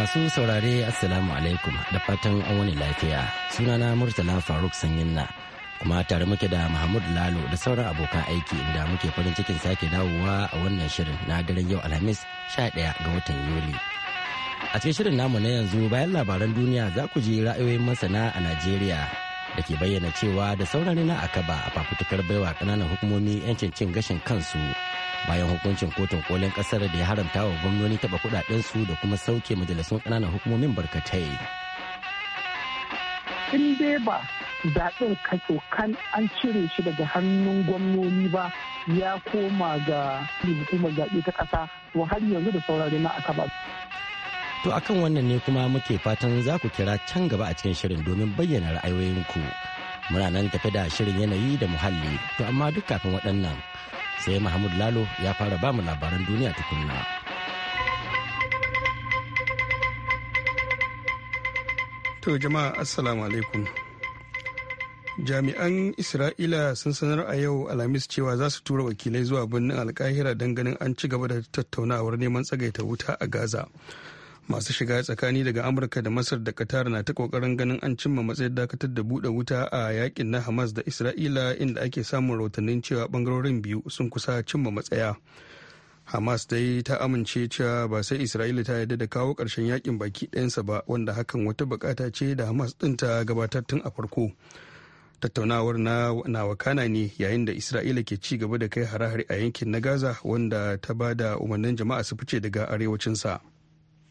Masu saurare Assalamu alaikum da fatan an wani lafiya. Sunana Murtala Faruk Sanyinna. Kuma tare muke da Mahmud Lalo da sauran abokan aiki inda muke farin cikin sake dawowa a wannan shirin na daren yau Alhamis 11 ga watan Yuli. A cikin shirin namu na yanzu bayan labaran duniya za ku ji ra'ayoyin masana a Najeriya da ke bayyana cewa da sauran na akaba a fafutukar baiwa kananan hukumomi 'yancin cin gashin kansu bayan hukuncin kotun kolin kasar da ya haramta wa gwamnoni taba su da kuma sauke majalisun kananan hukumomin barkatai in dai ba zaɓen kaso kan an cire shi daga hannun gwamnoni ba ya koma ga hukumar zaɓe ta ƙasa to har yanzu da saurari na akaba To akan wannan ne kuma muke fatan za ku kira can gaba a cikin shirin domin bayyana ra'ayoyinku. Muna nan tafi da shirin yanayi da muhalli, to amma duk kafin waɗannan sai Mahmud Lalo ya fara ba mu labaran duniya tukunna. To jama'a assalamu alaikum. Jami'an Isra'ila sun sanar a yau Alhamis cewa za su tura wakilai zuwa birnin alkahira don ganin an ci gaba da tattaunawar neman tsagaita wuta a Gaza. masu shiga tsakani daga amurka da masar da qatar na ta kokarin ganin an cimma matsayin dakatar da buɗe wuta a yakin na hamas da isra'ila inda ake samun rahotannin cewa bangarorin biyu sun kusa cimma matsaya hamas dai ta amince cewa ba sai isra'ila ta yarda da kawo ƙarshen yakin baki ɗayansa ba wanda hakan wata bukata ce da hamas ɗin ta gabatar tun a farko tattaunawar na wakana ne yayin da isra'ila ke ci gaba da kai hare-hare a yankin na gaza wanda ta ba da umarnin jama'a su fice daga arewacinsa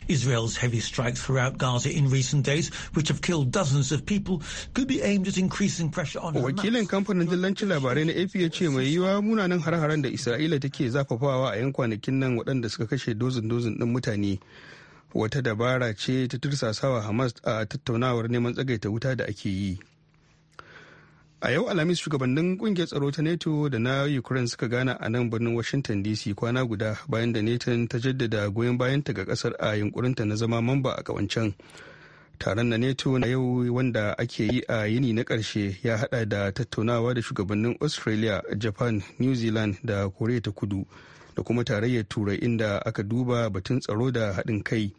Israel's heavy strikes throughout Gaza in recent days, which have killed dozens of people, could be aimed at increasing pressure on Wakilin kamfanin dillancin labarai na AP ya ce mai yiwa munanan har-haren da Isra'ila take zafafawa a 'yan kwanakin nan waɗanda suka kashe dozin-dozin ɗin mutane. Wata dabara ce ta tursasawa Hamas a tattaunawar neman tsagaita wuta da ake yi. a yau alhamis shugabannin kungiyar tsaro ta neto da na ukraine suka gana a nan birnin washington dc kwana guda bayan da netan ta jaddada goyon bayanta ga kasar a yunkurinta na zama mamba a kawancan taron na neto na yau wanda ake yi a yini na karshe ya hada da tattaunawa da shugabannin australia japan new zealand da korea ta kudu da kuma tarayyar turai inda aka duba batun tsaro da haɗin kai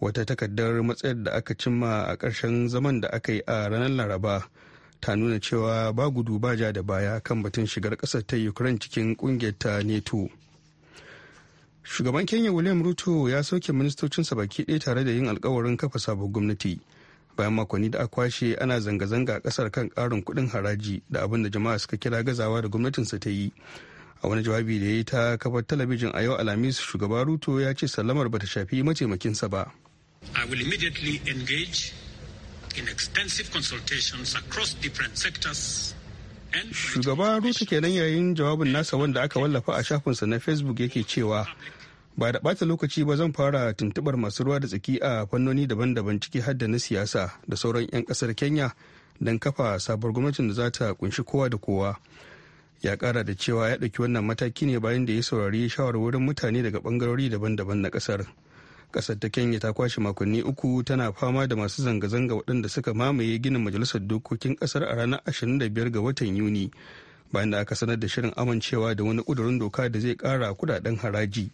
wata takardar matsayar da aka cimma a ƙarshen zaman da aka yi a ranar laraba ta nuna cewa ba gudu ba ja da baya kan batun shigar ƙasar ta ukraine cikin ƙungiyar ta neto shugaban kenya william ruto ya soke ministocinsa baki ɗaya tare da yin alkawarin kafa sabon gwamnati bayan makonni da aka kwashe ana zanga-zanga a kasar kan karin kuɗin haraji da abin da jama'a suka kira gazawa da gwamnatinsa ta yi a wani jawabi da ya yi ta kafa talabijin a yau alhamis shugaba ruto ya ce sallamar bata shafi mataimakinsa ba i will immediately engage in extensive consultations across different sectors Shugaba Ruto kenan yayin jawabin nasa wanda aka wallafa a shafinsa na Facebook yake cewa ba da ɓata lokaci ba zan fara tuntubar masu ruwa da tsaki a fannoni daban-daban ciki hadda na siyasa da sauran 'yan ƙasar Kenya don kafa sabuwar gwamnatin da za ta kunshi kowa da kowa. Ya ƙara da cewa ya ɗauki wannan mataki ne bayan da ya saurari shawarwarin mutane daga ɓangarori daban-daban na ƙasar. kasar ta kenya ta kwashe makonni uku tana fama da masu zanga-zanga waɗanda suka mamaye ginin majalisar dokokin kasar a ranar 25 ga watan yuni bayan da aka sanar da shirin amincewa da wani ƙudurin doka da zai ƙara kudaden haraji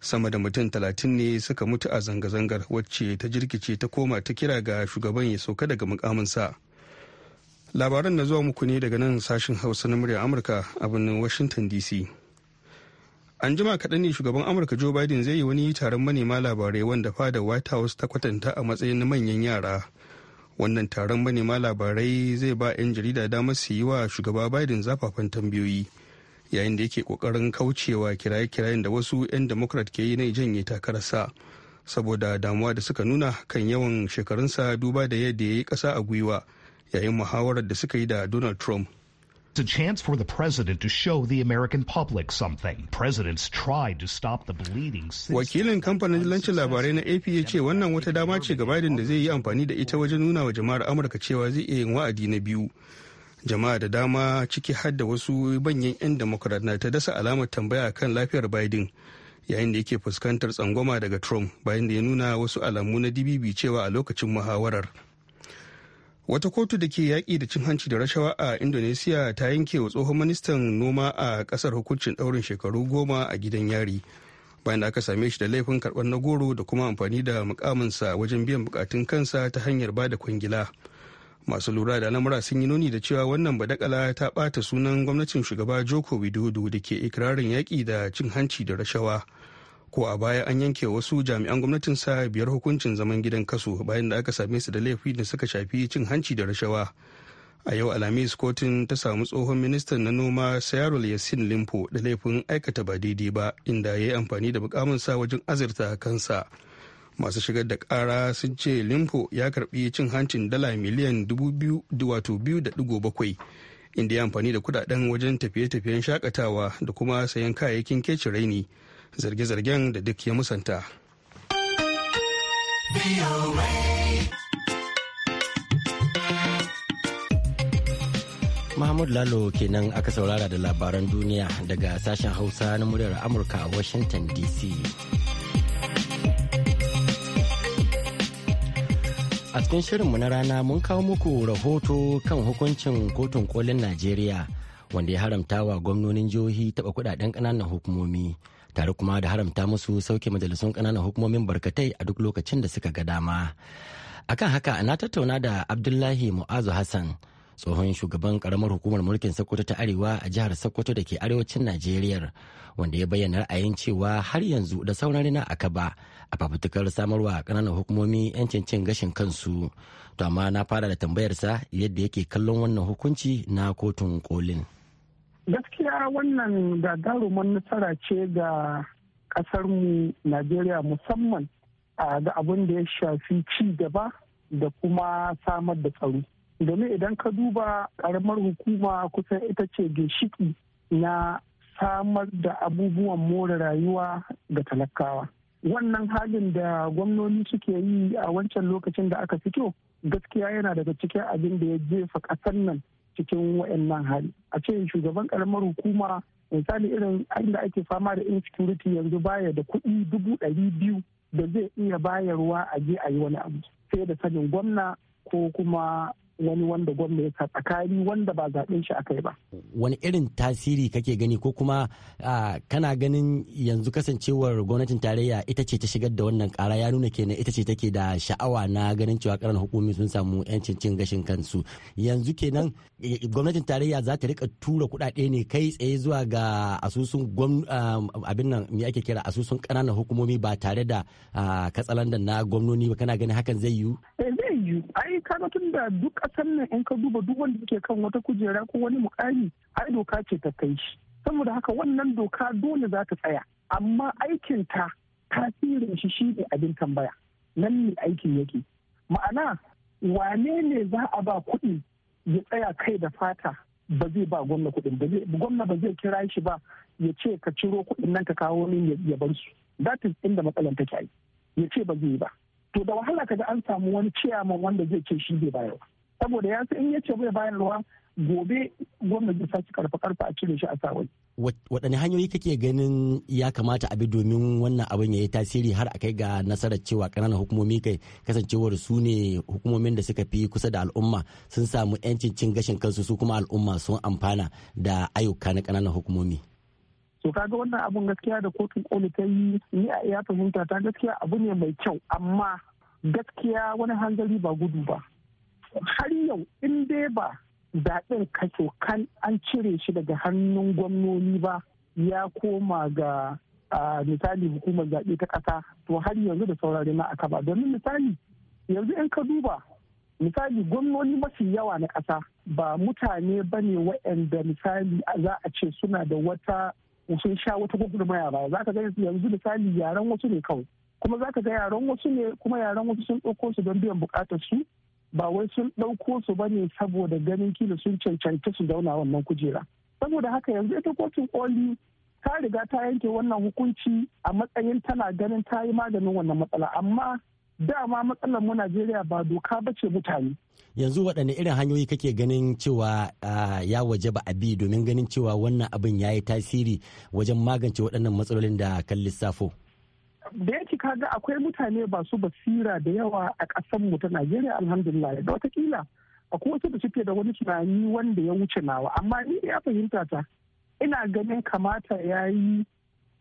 sama da mutum talatin ne suka mutu a zanga-zangar wacce ta jirkice ta koma ta kira ga shugaban ya sauka daga mukaminsa labaran na zuwa muku ne daga nan sashen hausa na murya amurka a birnin washington dc an jima kaɗan ne shugaban amurka joe biden zai yi wani taron manema labarai wanda fada white house ta kwatanta a matsayin manyan yara wannan taron manema labarai zai ba 'yan jarida damar su yi wa shugaba biden zafafan tambayoyi yayin da yake kokarin kaucewa kiraye-kirayen da wasu 'yan democrat ke yi na janye takararsa saboda damuwa da suka nuna kan yawan shekarunsa duba da yadda ya yi ƙasa a gwiwa yayin muhawarar da suka yi da donald trump It's a chance for the president to show the American public something. Presidents tried to stop the bleeding. Wakilin kamfanin lancin labarai na AP ya ce wannan wata dama ce ga Biden da zai yi amfani da ita wajen nuna wa jama'ar Amurka cewa zai iya yin wa'adi na biyu. Jama'a da dama ciki har da wasu banyan 'yan Democrat na ta dasa alamar tambaya kan lafiyar Biden yayin da yake fuskantar tsangwama daga Trump bayan da ya nuna wasu alamu na dibibi cewa a lokacin muhawarar. wata kotu da ke yaƙi da cin hanci da rashawa a indonesiya ta yanke wa tsohon ministan noma a ƙasar hukuncin ɗaurin shekaru goma a gidan yari bayan da aka same shi da laifin karɓar na goro da kuma amfani da mukaminsa wajen biyan bukatun kansa ta hanyar ba da kwangila masu lura da lamura sun yi nuni da cewa wannan badakala ta ɓata sunan gwamnatin shugaba joko widodo da ke ikirarin yaƙi da cin hanci da rashawa ko a baya an yanke wasu jami'an gwamnatin sa biyar hukuncin zaman gidan kasu bayan da aka same su da laifi da suka shafi cin hanci da rashawa a yau alhamis kotun ta samu tsohon ministan na noma sayarul yasin limpo da laifin aikata ba daidai ba inda ya yi amfani da sa wajen azurta kansa masu shigar da kara sun ce limpo ya karbi cin hancin dala miliyan bakwai inda ya amfani da kudaden wajen tafiye-tafiyen shakatawa da kuma sayan kayayyakin keci raini zarge-zargen da duk ya musanta. Mahmud Lalo kenan aka saurara da labaran duniya daga sashen Hausa na muryar Amurka a Washington DC. A cikin shirinmu na rana mun kawo muku rahoto kan hukuncin kotun kolin Najeriya wanda ya haramta wa gwamnonin jihohi taɓa kudaden ƙananan hukumomi. tare kuma da haramta musu sauke majalisun kananan hukumomin barkatai a duk lokacin da suka ga dama akan haka na tattauna da abdullahi mu'azu hassan tsohon shugaban karamar hukumar mulkin sokoto ta arewa a jihar sokoto da ke arewacin najeriya wanda ya bayyana ra'ayin cewa har yanzu da sauran rina a kaba a fafutukar samarwa kananan hukumomi yancin cin gashin kansu to amma na fara da tambayarsa yadda yake kallon wannan hukunci na kotun kolin gaskiya wannan gagaruman nasara ce ga mu najeriya musamman ga abin da ya shafi ci gaba da kuma samar da tsaro domin idan ka duba karamar hukuma kusan ita ce ginshiki na samar da abubuwan more rayuwa ga talakawa wannan halin da gwamnoni suke yi a wancan lokacin da aka fito gaskiya yana daga cikin abin da ya jefa ƙasar nan cikin wa'annan hali a ce shugaban karamar hukuma misali irin inda ake fama da insecurity yanzu baya da kuɗi dubu ɗari biyu da zai iya bayarwa a je a yi wani abu sai da sanin gwamna ko kuma wani wanda gwamna ya sa tsakani wanda ba zaɓen shi akai ba. Wani irin tasiri kake gani ko kuma kana ganin yanzu kasancewar gwamnatin tarayya ita ce ta shigar da wannan ƙara ya nuna kenan ita ce take da sha'awa na ganin cewa ƙaran hukumi sun samu 'yancin cin gashin kansu. Yanzu kenan eh, gwamnatin tarayya za ta rika tura kuɗaɗe ne kai tsaye zuwa ga asusun abin nan me ake kira asusun ƙananan hukumomi ba tare da katsalandan na gwamnoni ba kana ganin hakan zai yiwu? Eh, zai yi ai kaga tun da duk kasan nan in ka duba duk wanda suke kan wata kujera ko wani mukami ai doka ce ta kai shi saboda haka wannan doka dole za ta tsaya amma aikin ta tasirin shi shi ne abin tambaya nan ne aikin yake ma'ana wane ne za a ba kuɗi ya tsaya kai da fata ba zai ba gwamna kuɗin ba gwamna ba zai kira shi ba ya ce ka ciro kuɗin nan ka kawo min ya bar su that is inda matsalan take ai ya ce ba zai ba to da wahala kaga an samu wani ciyaman wanda zai ce shi zai bayarwa saboda ya san in ya ce bai bayarwa gobe gwamnati zai sake karfa karfa a cire shi a sawai. waɗanne hanyoyi kake ganin ya kamata a bi domin wannan abin ya yi tasiri har a kai ga nasarar cewa kananan hukumomi kai kasancewar su ne hukumomin da suka fi kusa da al'umma sun samu 'yancin cin gashin kansu su kuma al'umma sun amfana da ayyuka na kananan hukumomi. to kaga wannan abun gaskiya da kotun koli ta yi ni a iya fahimta ta gaskiya abu ne mai kyau amma gaskiya wani hanzari ba gudu ba har yau in dai ba zaɓen kaso kan an cire shi daga hannun gwamnoni ba ya koma ga misali hukumar zaɓe ta ƙasa to har yanzu da saurare na aka ba domin misali yanzu in ka duba misali gwamnoni mafi yawa na ƙasa ba mutane ba ne waɗanda misali za a ce suna da wata sun sha wata gwagwarmaya ba za ka ga yanzu misali yaran wasu ne kawai kuma za ka ga yaran wasu ne kuma yaran wasu sun ɗauko su don biyan buƙatar su ba wai sun ɗauko su ba ne saboda ganin kila sun cancanci su zauna wannan kujera saboda haka yanzu ita kotun koli ta riga ta yanke wannan hukunci a matsayin tana ganin ta yi maganin wannan matsala amma dama matsalar mu Najeriya ba doka ba ce mutane. Yanzu waɗanne irin hanyoyi kake ganin cewa ya waje ba a bi domin ganin cewa wannan abin ya yi tasiri wajen magance waɗannan matsalolin da kan lissafo? Da yake kaga akwai mutane ba su basira da yawa a ƙasar mu ta Najeriya alhamdulillah da watakila akwai wasu da suke da wani tunani wanda ya wuce nawa amma ni ya fahimta ta ina ganin kamata ya yi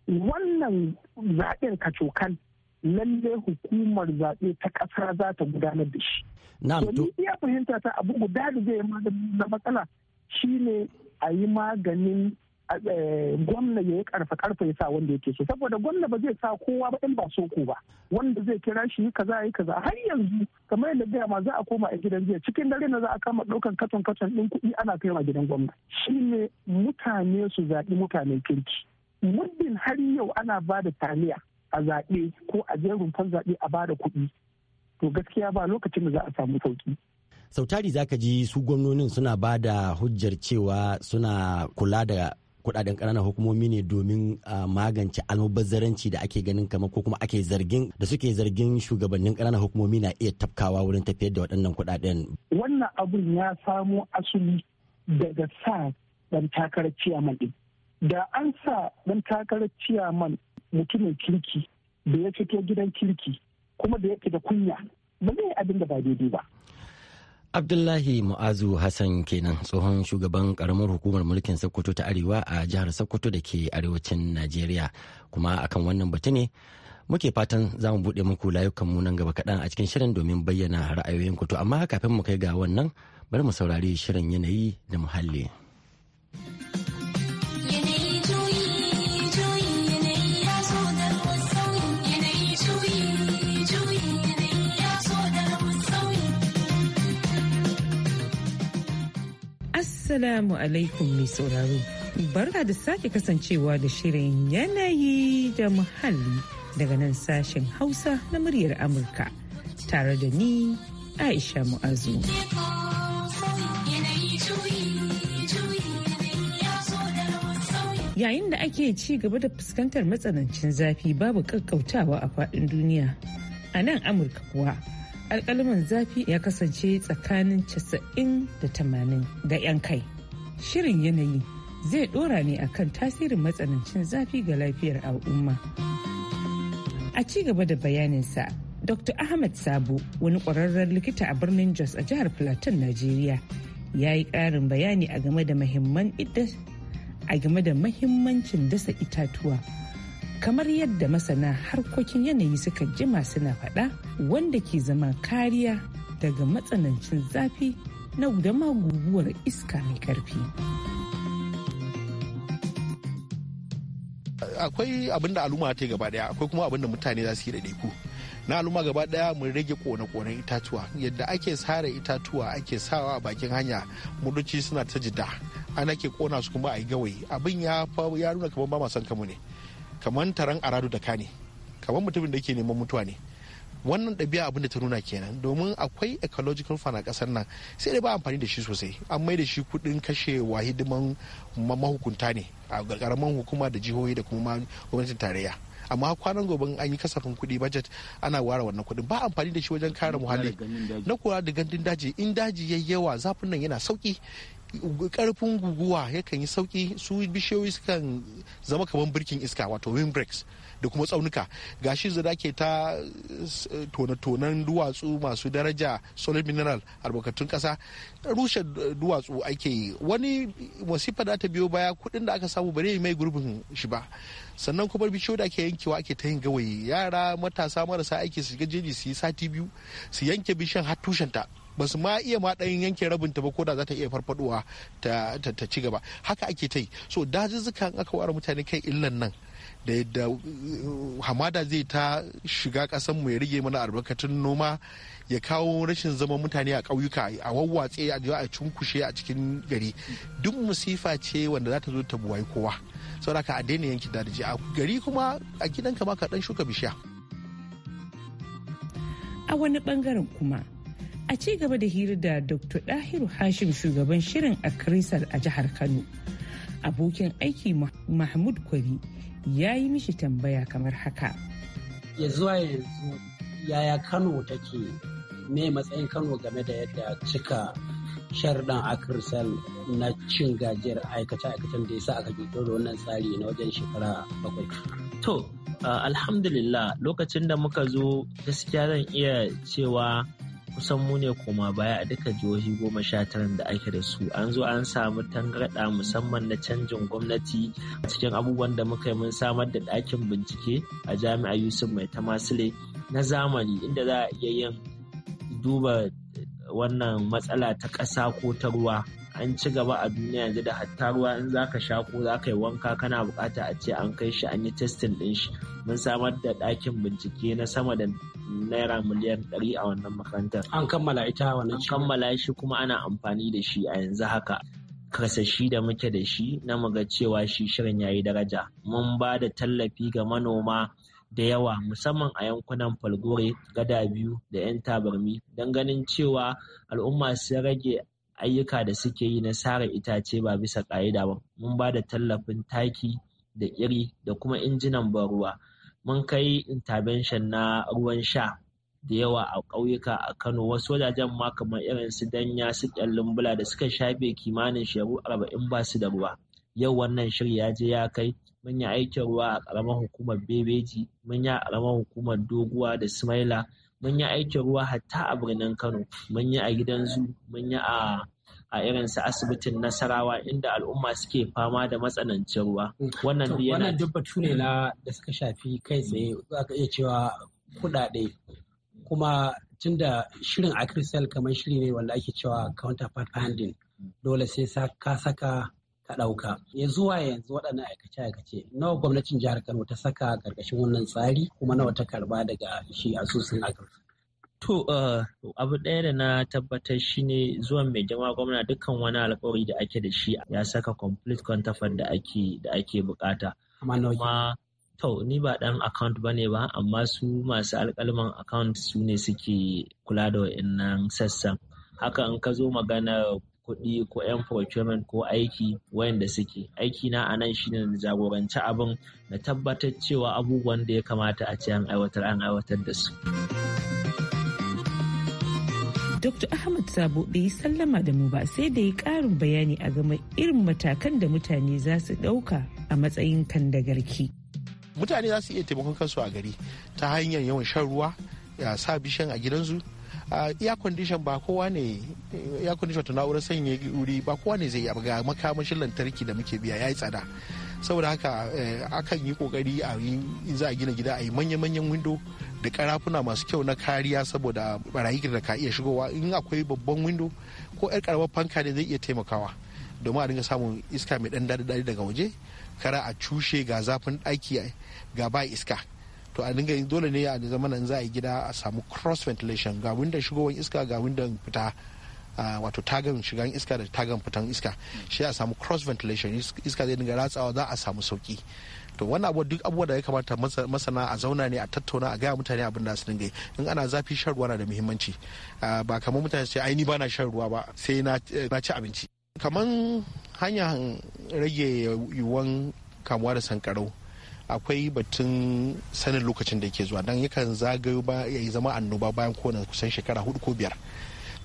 wannan zaɓen kacokan lalle hukumar zaɓe ta ƙasa za ta gudanar da shi. Wani iya fahimta ta abu guda da zai na matsala shine a yi maganin eh, gwamna ya yi karfa karfa ya sa wanda yake so saboda gwamna ba zai sa kowa ba in ba so ko ba wanda zai kira shi kaza yi kaza har yanzu kamar yadda gaya ma za a koma a gidan jiya cikin dare na za a kama ɗaukan katon katon ɗin kuɗi ana kai kaiwa gidan gwamna shine mutane su zaɓi mutanen kirki muddin har yau ana ba da taliya a zaɓe ko a je rumfar zaɓe a bada kuɗi to gaskiya ba lokacin da za a samu sauki. sau tari za ka ji su gwamnonin suna ba da hujjar cewa suna kula da kudaden ƙananan hukumomi ne domin magance almubazzaranci da ake ganin kamar ko kuma ake zargin da suke zargin shugabannin ƙananan hukumomi na iya tafkawa wurin tafiyar da waɗannan kudaden. wannan abun ya samo asali daga sa ɗan takarar ciyaman ɗin da an sa ɗan takarar ciyaman mutumin kirki da ya fito gidan kirki kuma da yake da kunya ba zai abin da ba daidai ba Abdullahi Mu'azu Hassan kenan tsohon shugaban ƙaramar hukumar mulkin Sokoto ta Arewa a jihar Sokoto da ke arewacin Najeriya kuma akan wannan batu ne muke fatan za mu buɗe muku layukan mu nan gaba kaɗan a cikin shirin domin bayyana ra'ayoyin to amma kafin mu kai ga wannan bari mu saurari shirin yanayi da muhalli. Assalamu alaikum mai sauraro. Barka da sake kasancewa da shirin yanayi da muhalli daga nan sashen Hausa na muryar Amurka tare da ni Aisha Mu'azu. Yayin da ake ci gaba da fuskantar matsanancin zafi babu kakkautawa a faɗin duniya. A nan Amurka kuwa. alkalaman zafi ya kasance tsakanin 90 da 80 ga 'yan kai shirin yanayi zai dora ne akan tasirin matsanancin zafi ga lafiyar al'umma a ci gaba da bayaninsa dr ahmad sabo wani kwararren likita a birnin jos a jihar plateau nigeria ya yi karin bayani a game da mahimmancin dasa itatuwa kamar yadda masana harkokin yanayi suka jima suna faɗa wanda ke zama kariya daga matsanancin zafi na gudama guguwar iska mai karfi. akwai abin da al'umma ta gaba daya akwai kuma abin da mutane za su yi da ku na al'umma gaba daya mun rage kone-konen itatuwa yadda ake sare itatuwa ake sawa a bakin hanya mudoci suna ta jida ana ke kona su kuma a yi gawayi abin ya nuna kamar ba ma son kamu ne kamar taron aradu da kane kamar mutumin da ke neman mutuwa ne wannan ɗabi'a abin da ta nuna kenan domin akwai ecological fana a ƙasar nan sai dai ba amfani da shi sosai an mai da shi kuɗin kashewa hidiman mahukunta ne a ƙaramin hukuma da jihohi da kuma gwamnatin tarayya amma kwanan gobe an yi kasafin kuɗi budget ana ware wannan kuɗin ba amfani da shi wajen kare muhalli na kula da gandun daji in daji yayi yawa zafin nan yana sauki karfin guguwa yakan yi sauki su bishiyoyi sukan zama kamar birkin iska wato windbreaks da kuma tsaunuka gashi da ke ta eh, tonatonan duwatsu masu daraja solid mineral albarkatun kasa rushe duwatsu ake yi wani wasifa da ta biyo baya kudin da aka samu bare mai gurbin shi ba sannan kuma bishiyoyi da ake yankewa ake ta yin gawayi yara matasa marasa aiki su jeji su yi sati biyu su yanke bishiyan har tushenta ba su ma iya ma ɗan yanke rabin ta ba ko da za ta iya farfaduwa ta ci gaba haka ake ta yi so dazuzzuka in aka wara mutane kai illan nan da yadda uh, hamada zai ta shiga ƙasan mu ya rige mana albarkatun noma ya kawo rashin zaman mutane a ƙauyuka a wawwatse a a cunkushe a cikin gari duk musifa ce wanda za ta zo ta buwai kowa saboda ka a daina yanki dadaji a gari kuma a gidanka ma ka dan shuka bishiya a wani bangaren kuma a ci gaba da hira da dr dahiru hashim shugaban shirin a krisal a jihar kano abokin aiki mahmud kwari ya yi mishi tambaya kamar haka ya zuwa yanzu yaya kano take me matsayin kano game da yadda cika sharɗan akirsal na cin gajiyar aikace-aikacen da ya sa aka fito da wannan tsari na wajen shekara bakwai to alhamdulillah lokacin da muka zo gaskiya zan iya cewa kusan mu ne koma baya a duka jihohi goma sha tara da ake da su an zo an samu tangarɗa musamman na canjin gwamnati a cikin abubuwan da muka yi mun samar da ɗakin bincike a jami'a yusuf mai tamasile na zamani inda za a iya yin duba wannan matsala ta ƙasa ko ta ruwa an ci gaba a duniya yanzu da hatta ruwa in za ka sha ko za ka yi wanka kana bukata a ce an kai shi an yi testin din shi mun samar da ɗakin bincike na sama da naira miliyan ɗari a wannan makarantar. An kammala ita wannan An kammala shi kuma ana amfani da shi a yanzu haka. kasashi da muke da shi na muga cewa shi shirin yayi daraja. Mun ba da tallafi ga manoma da yawa musamman a yankunan falgore gada biyu da 'yan tabarmi don ganin cewa al'umma sun rage ayyuka da suke yi na sare itace ba bisa ƙa'ida ba mun ba da tallafin taki da iri da kuma injinan ban ruwa mun kai intervention na ruwan sha da yawa a ƙauyuka a Kano wasu wajajen ma kamar irin su danya su kyallin bula da suka shafe kimanin shekaru arba'in ba su da ruwa yau wannan shirya ya je ya kai mun yi aikin ruwa a ƙaramar hukumar bebeji mun yi a ƙaramar hukumar doguwa da sumaila mun yi aikin ruwa hatta a birnin kano mun yi a gidan zu mun yi a a irin su asibitin nasarawa inda al'umma suke fama da matsanancin ruwa mm. wannan yana duk batu ne na da suka shafi kai tsaye za ka iya cewa kuɗaɗe kuma tunda shirin akrisel kamar shiri ne wanda ake cewa counterpart funding dole sai ka saka ka ɗauka ya zuwa yanzu waɗannan aikace-aikace nawa gwamnatin jihar kano ta saka ƙarƙashin wannan tsari kuma nawa ta karba daga shi asusun agriculture To uh, abu ɗaya da na tabbatar shi ne zuwan mai jama'a gwamna dukkan wani alkawari da ake da shi ya saka complete kwantafan da ake da ake bukata. Amma to ni ba ɗan account ba ne ba amma su masu alkalman account su ne suke kula da wa'annan sassan. Haka in ka zo magana kuɗi ko 'yan procurement ko aiki wayanda suke aiki na anan nan ne na jagoranci abin na tabbatar cewa abubuwan da ya kamata a ce an aiwatar an aiwatar da su. dr ahmad sabo bai yi sallama da mu ba sai da ya karin bayani a game irin matakan da mutane za su ɗauka a matsayin kan da garki mutane za su iya taimakon kansu a gari ta hanyar yawan shan ruwa ya sa bishan a gidansu air condition ba kowa ne air condition ta na'urar sanya wuri ba kowa ne zai yi ga makamashin lantarki da muke biya ya yi tsada saboda haka eh, akan yi kokari a in za a gina gida a yi manya-manyan windo da karafuna masu kyau na kariya saboda barayi da ka iya shigowa in akwai babban windo ko 'yar karamar fanka ne zai iya taimakawa domin a dinga samun iska mai dan daɗi daga waje kara a cushe ga zafin ɗaki ga ba iska to a dinga dole ne a zamanin za a yi gida a samu cross ventilation ga windon shigowar iska ga windon fita Ah, wato tagan shigan iska da tagan fitan iska shi a samu cross ventilation iska zai dinga ratsawa za a samu sauki to wannan abu duk abubuwa da ya kamata masana a zauna ne a tattauna a gaya mutane abin da su dinga in ana zafi shan ruwa na da muhimmanci ah, ba kamar mutane sai ai ni ba shan ruwa ba sai na eh, ci abinci kamar hanyar rage yiwuwan kamuwa da sankarau akwai batun sanin lokacin da ke zuwa don yakan zagayo ba ya zama annoba bayan kowane kusan shekara hudu ko biyar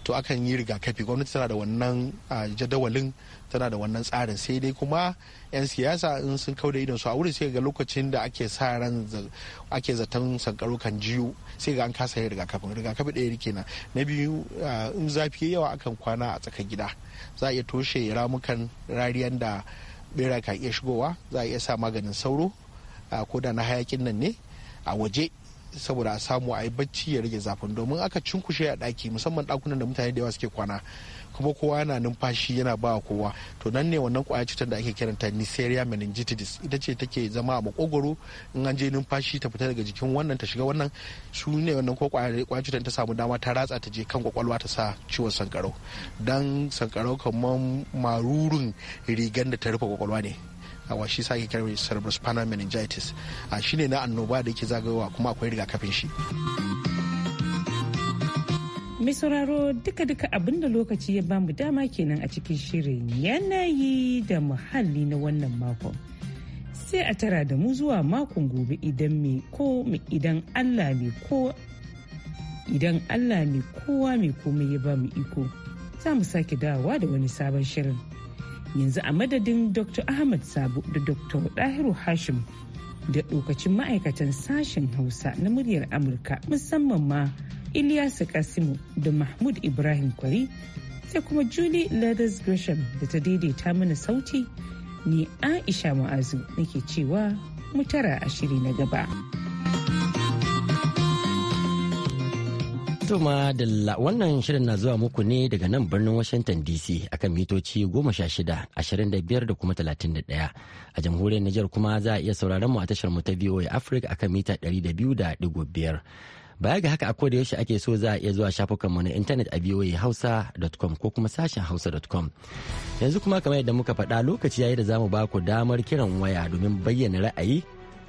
to akan yi rigakafi gwamnati tana da wannan jadawalin tana da wannan tsarin sai dai kuma 'yan siyasa in sun kau da su a wurin sai ga lokacin da ake sa ran ake zaton sankaro kan jiyo sai ga an kasa yin rigakafin rigakafi ɗaya na na biyu in zafi yawa akan kwana a tsakar gida za a iya toshe ramukan rariyan da bera ka iya shigowa za a iya sa maganin sauro ko da na hayakin nan ne a waje saboda a samu a yi bacci ya rage zafin domin aka cinkushe a daki musamman ɗakunan da mutane da yawa suke kwana kuma kowa yana numfashi yana ba kowa to nan ne wannan kwayar cutar da ake kiranta Neisseria meningitis ita ce take zama a makogoro in an je numfashi ta fita daga jikin wannan ta shiga wannan su ne wannan ko kwayar cutar ta samu dama ta ratsa ta je kan kwakwalwa ta sa ciwon sankarau dan sankarau kamar marurun rigan da ta rufe kwakwalwa ne a washi sake ake cerebrospinal meningitis a ne na annoba da yake zagayowa kuma akwai rigakafin shi mai sauraro duka-duka abinda lokaci ya bamu dama kenan a cikin shirin yanayi da muhalli na wannan makon sai a tara da mu zuwa makon gobe idan mai ko idan allah mai ko idan allah mai kowa mai komai ya bamu iko za mu sake dawowa da wani sabon shirin yanzu a madadin dr ahmad sabu da dr dahiru hashim da dokacin ma'aikatan sashen hausa na muryar amurka musamman ma ilyasu kasimu da mahmud ibrahim kwari sai kuma julie leathers gresham da ta daidaita mana sauti ni aisha ma'azu nake cewa mutara a shiri na gaba. To da wannan shirin na zuwa muku ne daga nan birnin Washington DC akan mitoci 16, 25 da kuma 31. A jamhuriyar Nijar kuma za a iya sauraron mu a tashar mu ta VOA Africa akan mita 200.5. Baya ga haka a koda yaushe ake so za a iya zuwa shafukan mu na intanet a voahausa.com ko kuma sashen hausa.com. Yanzu kuma kamar yadda muka faɗa lokaci yayi da zamu ba ku damar kiran waya domin bayyana ra'ayi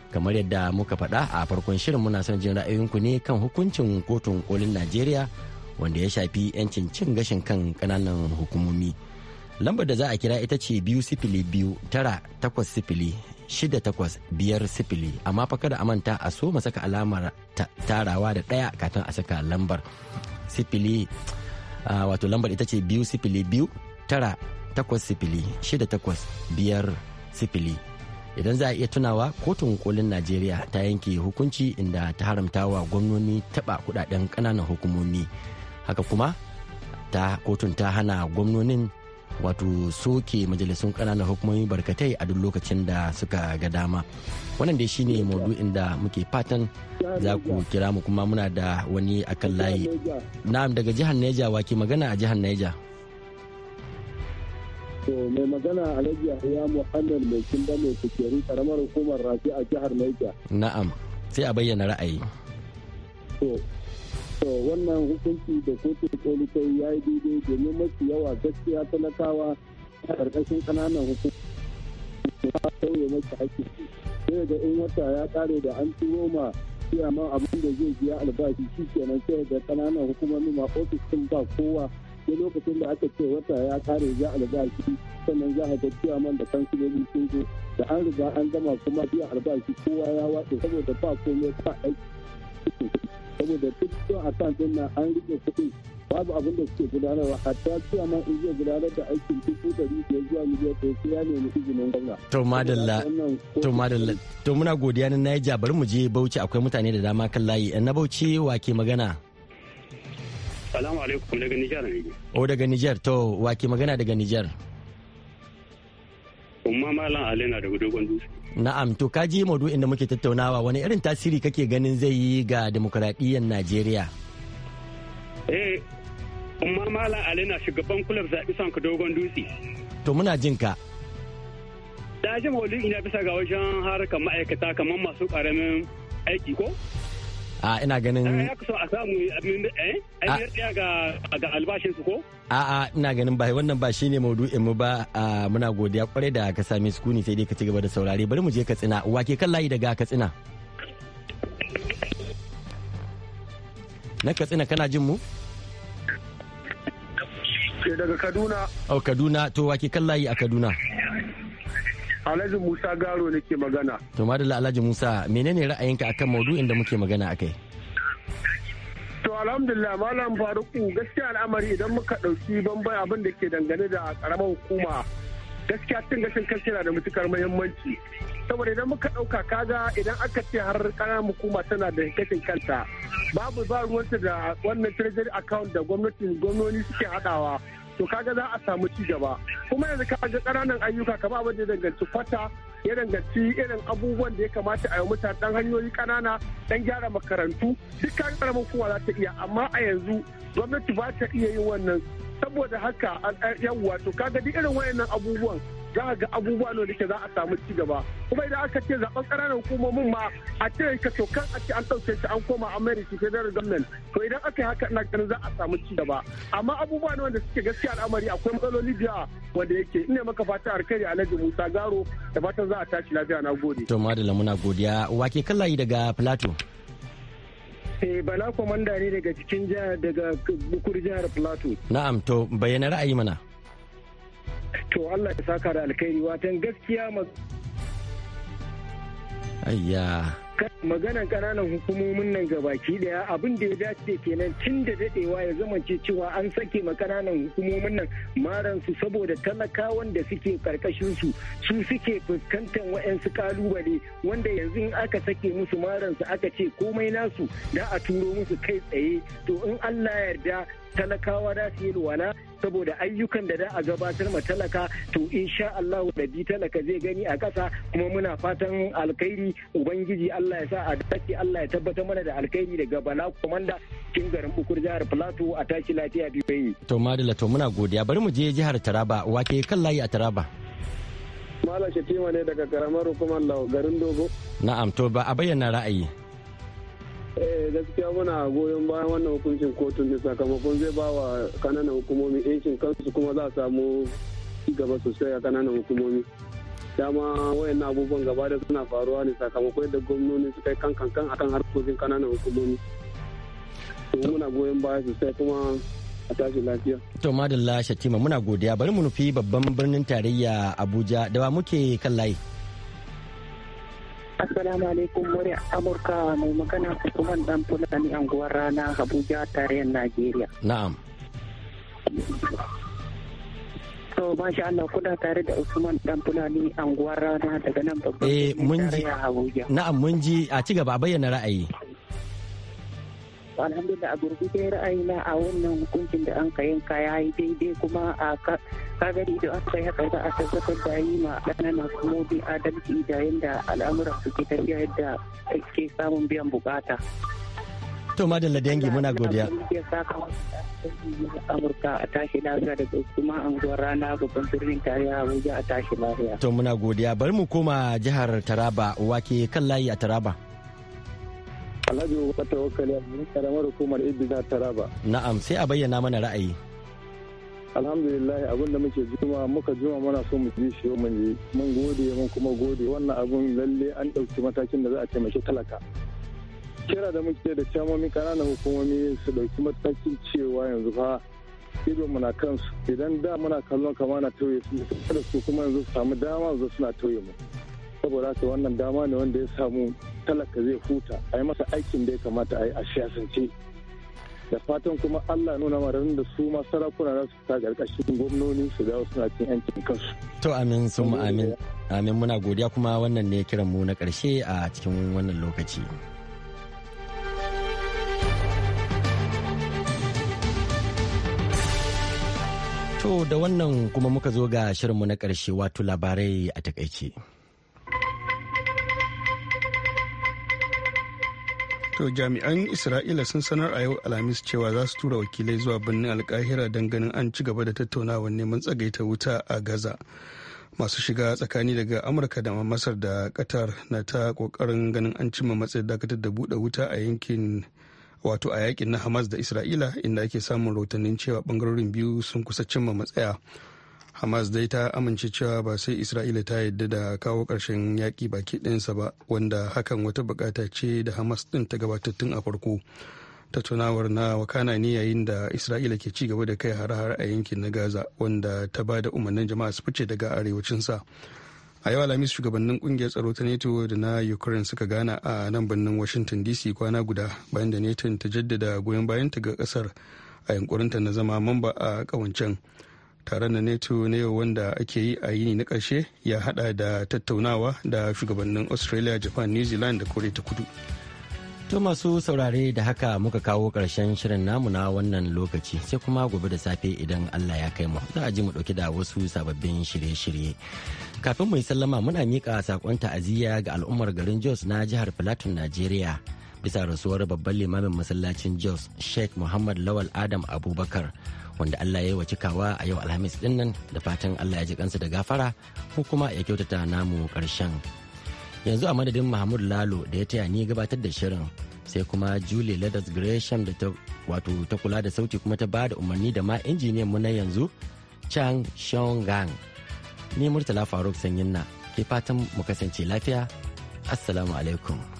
kamar yadda muka faɗa a farkon shirin muna son jin ra'ayinku ne kan hukuncin kotun kolin najeriya wanda ya shafi 'yancin cin gashin kan kananan hukumomi lambar da za a kira ita ce biyu sifili biyu tara takwas sifili shida takwas biyar sifili amma fa kada a manta a so ma saka alamar tarawa da ɗaya kafin a saka lambar sifili wato lambar ita ce biyu sifili biyu tara takwas sifili shida takwas biyar sifili idan za a iya tunawa kotun kolin najeriya ta yanke hukunci inda ta haramta wa gwamnoni taɓa kudaden kananan hukumomi haka kuma ta kotun ta hana gwamnonin wato soke majalisun ƙananan hukumomi barkatai a duk lokacin da suka ga dama wannan dai shine maudu'in inda muke fatan za ku kira mu kuma muna da wani akan layi na'am daga jihar neja wake magana a jihar neja To mai magana Alhaji Yahya Muhammad mai kinda mai kujeru karamar hukumar Rafi a jihar Niger. Na'am, sai a bayyana ra'ayi. To, wannan hukunci da kotun koli ta yi yayi daidai domin mafi yawa gaskiya talakawa a ƙarƙashin ƙananan hukunci. ta sauye haƙƙi. Sai da in wata ya ƙare da an turo ma siya abin da zai biya albashi shi kenan sai da ƙananan hukumomi ma ofis sun ba kowa sai lokacin da aka ce wata ya kare za albashi sannan za a ga ciyaman da kansiloli sun zo da an riga an gama kuma biyan albashi kowa ya watsa saboda ba kome ba aiki saboda duk su a kan din an rike kuɗi babu abin da suke gudanarwa hatta cewa man in zai gudanar da aikin dubu ɗari biyar zuwa miliyan ɗaya sai ya nemi izinin gwamna. to madalla to madalla to muna godiya na naija bari mu je bauchi akwai mutane da dama kan layi na bauchi wa ke magana. Salamu alaikum daga Nijar ne. O oh, daga Nijar to ke magana daga Nijar. Umma Malam Ali na daga dogon dutse. Na'am to ka ji maudu'in inda muke tattaunawa wani irin tasiri kake ganin zai yi ga demokradiyyar Najeriya? Eh, Umma Malam Ali na shugaban kulab zaɓi ka dogon dutse. To muna jin ka. Da ji maudu'i bisa ga wajen harkar ma'aikata kamar masu ƙaramin aiki ko? a ina ganin a eh, a eh? ina ganin ba wannan ba shine maudu'in mu ba muna godiya kwarai da ka sami sukuni sai dai ka ci gaba da saurare bari mu je Katsina wake kan layi daga Katsina na Katsina kana jin mu eh, daga Kaduna oh Kaduna to wake kan layi a Kaduna Alhaji Musa Garo nake magana. To madalla Alhaji Musa menene ra'ayinka akan maudu'in da muke magana akai? To alhamdulillah malam Faruku gaskiya al'amari idan muka ɗauki bambai abin da ke dangane da karamar hukuma gaskiya cin gashin kansu na da matukar muhimmanci. Saboda idan muka ɗauka kaga idan aka ce har ƙananan hukuma tana da gashin kanta babu ba ruwanta da wannan treasury account da gwamnatin gwamnoni suke haɗawa. to kaga za a samu ci gaba kuma yanzu ka ga ƙananan ayyuka kamar abin da danganci fata ya danganci irin abubuwan da ya kamata a yi mutane dan hanyoyi ƙanana dan gyara makarantu duk ka karamin kowa za ta iya amma a yanzu gwamnati ba ta iya yin wannan saboda haka yawwa to kaga duk irin wayannan abubuwan za a ga abubuwa ne da za a samu ci gaba kuma idan aka ce zaben ƙananan hukumomin ma a ce ka to a ce an ɗauke shi an koma america federal government to idan aka yi haka ina ganin za a samu ci gaba amma abubuwa ne wanda suke gaskiya al'amari akwai matsaloli da wanda yake ina maka fata alkhairi alhaji musa garo da fatan za a tashi lafiya na gode. to madalla muna godiya wake kallayi daga plateau. Eh, Bala Kwamanda ne daga cikin jihar daga bukur jihar Plateau. Na'am, to bayyana ra'ayi mana. to Allah ya saka da alkhairi watan gaskiya ayya maganan kananan hukumomin nan gabaki daya abin da ya dace kenan tun da dadewa ya zamance cewa an sake ma kananan hukumomin nan maransu saboda talakawan da suke karkashin su su suke fuskantar waɗansu ƙalubale, wanda yanzu in aka sake musu maransu aka ce komai nasu da a turo musu kai tsaye to in Allah yarda talakawa da su yi wala saboda ayyukan da za a gabatar ma talaka to insha Allah da bi talaka zai gani a ƙasa kuma muna fatan alkhairi ubangiji Allah ya sa a dace Allah ya tabbatar mana da alkhairi daga bala komanda cikin garin bukur jihar Plateau a tashi lafiya biyu to madalla to muna godiya bari mu je jihar Taraba wake kan layi a Taraba Malam Shatima ne daga karamar hukumar garin Dogo. Na'am to ba a bayyana ra'ayi. eh gaskiya muna goyon bayan wannan hukuncin kotun ne sakamakon zai ba wa kananan hukumomi yancin kansu kuma za a samu gaba sosai a kananan hukumomi dama wayan abubuwan gaba da suna faruwa ne sakamakon yadda gwamnoni suka yi kankan kan akan harkokin kananan hukumomi muna goyon baya sosai kuma a tashi lafiya to madalla shatima muna godiya bari mu nufi babban birnin tarayya abuja da ba muke kan layi Assalamu alaikum murya Amurka mai magana Usman dan Fulani anguwar rana Abuja tarayyar Najeriya. Na'am. To masha Allah kuna tare da Usman dan Fulani anguwar rana daga nan babban eh, mun ji Na'am mun ji a ci gaba bayyana ra'ayi. Alhamdulillah a gurgurje ra'ayi na a wannan hukuncin da an kayan kaya yi daidai kuma a kagari da aka yi haka za a tabbatar da yi ma ƙananan hukumomi adalci da yadda al'amuran su ke tafiya yadda ke samun biyan bukata. To Madalla Dangi muna godiya. Amurka a tashi lafiya da kuma anguwar rana babban birnin tarayya Abuja a tashi lafiya. To muna godiya bari mu koma jihar Taraba wake kan layi a Taraba. Alhaji Wata Wakali a karamar hukumar Ibiza Taraba. Na'am sai a bayyana mana ra'ayi. alhamdulillah abin da muke juma muka juma muna so mu ji shi mun yi mun gode mun kuma gode wannan abun lalle an ɗauki matakin da za a taimaki talaka kira da muke da camomi kananan hukumomi su ɗauki matakin cewa yanzu fa ido muna kansu idan da muna kallon kama na tauye su da su kuma yanzu samu dama yanzu suna tauye mu saboda haka wannan dama ne wanda ya samu talaka zai huta a yi masa aikin da ya kamata a yi a siyasance da fatan kuma Allah nuna mararin da su ma sarakuna na su ta gwamnoni su dawo suna cin yancin kansu. To amin sun amin amin muna godiya kuma wannan ne kiran mu na karshe a cikin wannan lokaci. To da wannan kuma muka zo ga shirinmu na karshe wato labarai a takaice. To jami'an Isra'ila sun sanar a yau Alhamis cewa za su tura wakilai zuwa birnin alkahira don ganin an ci gaba da tattaunawar neman tsagaita wuta a Gaza. Masu shiga tsakani daga Amurka da Masar da Qatar na ta kokarin ganin an cimma matsayin dakatar da buɗe wuta a yankin wato a yakin na Hamas da Isra'ila inda ake samun rahotannin cewa bangarorin biyu sun kusa cimma matsaya. hamas dai ta amince cewa ba sai isra'ila ta yadda da kawo ƙarshen yaƙi baki ɗinsa ba wanda hakan wata buƙata ce da hamas ɗin ta gabatar tun a farko tattaunawar na wakana ne yayin da isra'ila ke ci gaba da kai har-har a yankin na gaza wanda ta ba da umarnin jama'a su fice daga sa a yau alhamis shugabannin kungiyar tsaro ta neto da na ukraine suka gana a nan birnin washington dc kwana guda bayan da neto ta jaddada goyon bayanta ga kasar a yankurinta na zama mamba a kawancen taron na neto na yau wanda ake yi a yini na ƙarshe ya hada da tattaunawa da shugabannin australia japan new zealand da kore ta kudu to masu saurare da haka muka kawo ƙarshen shirin namu na wannan lokaci sai kuma gobe da safe idan allah ya kai mu za a ji mu ɗauki da wasu sababbin shirye-shirye kafin mu yi sallama muna miƙa saƙon ta'aziyya ga al'ummar garin jos na jihar plateau najeriya bisa rasuwar babban limamin masallacin jos sheikh muhammad lawal adam abubakar wanda Allah ya yi wa cikawa a yau Alhamis din nan da fatan Allah ya ji kansa da gafara ko kuma ya kyautata namu karshen. Yanzu a madadin Mahmud Lalo da ya taya ni gabatar da shirin sai kuma Julie Ladas Gresham da ta wato ta kula da sauti kuma ta ba da umarni da ma injiniyan mu na yanzu Chang Shongang. Ni Murtala Faruk Sanyin na ke fatan mu kasance lafiya. Assalamu alaikum.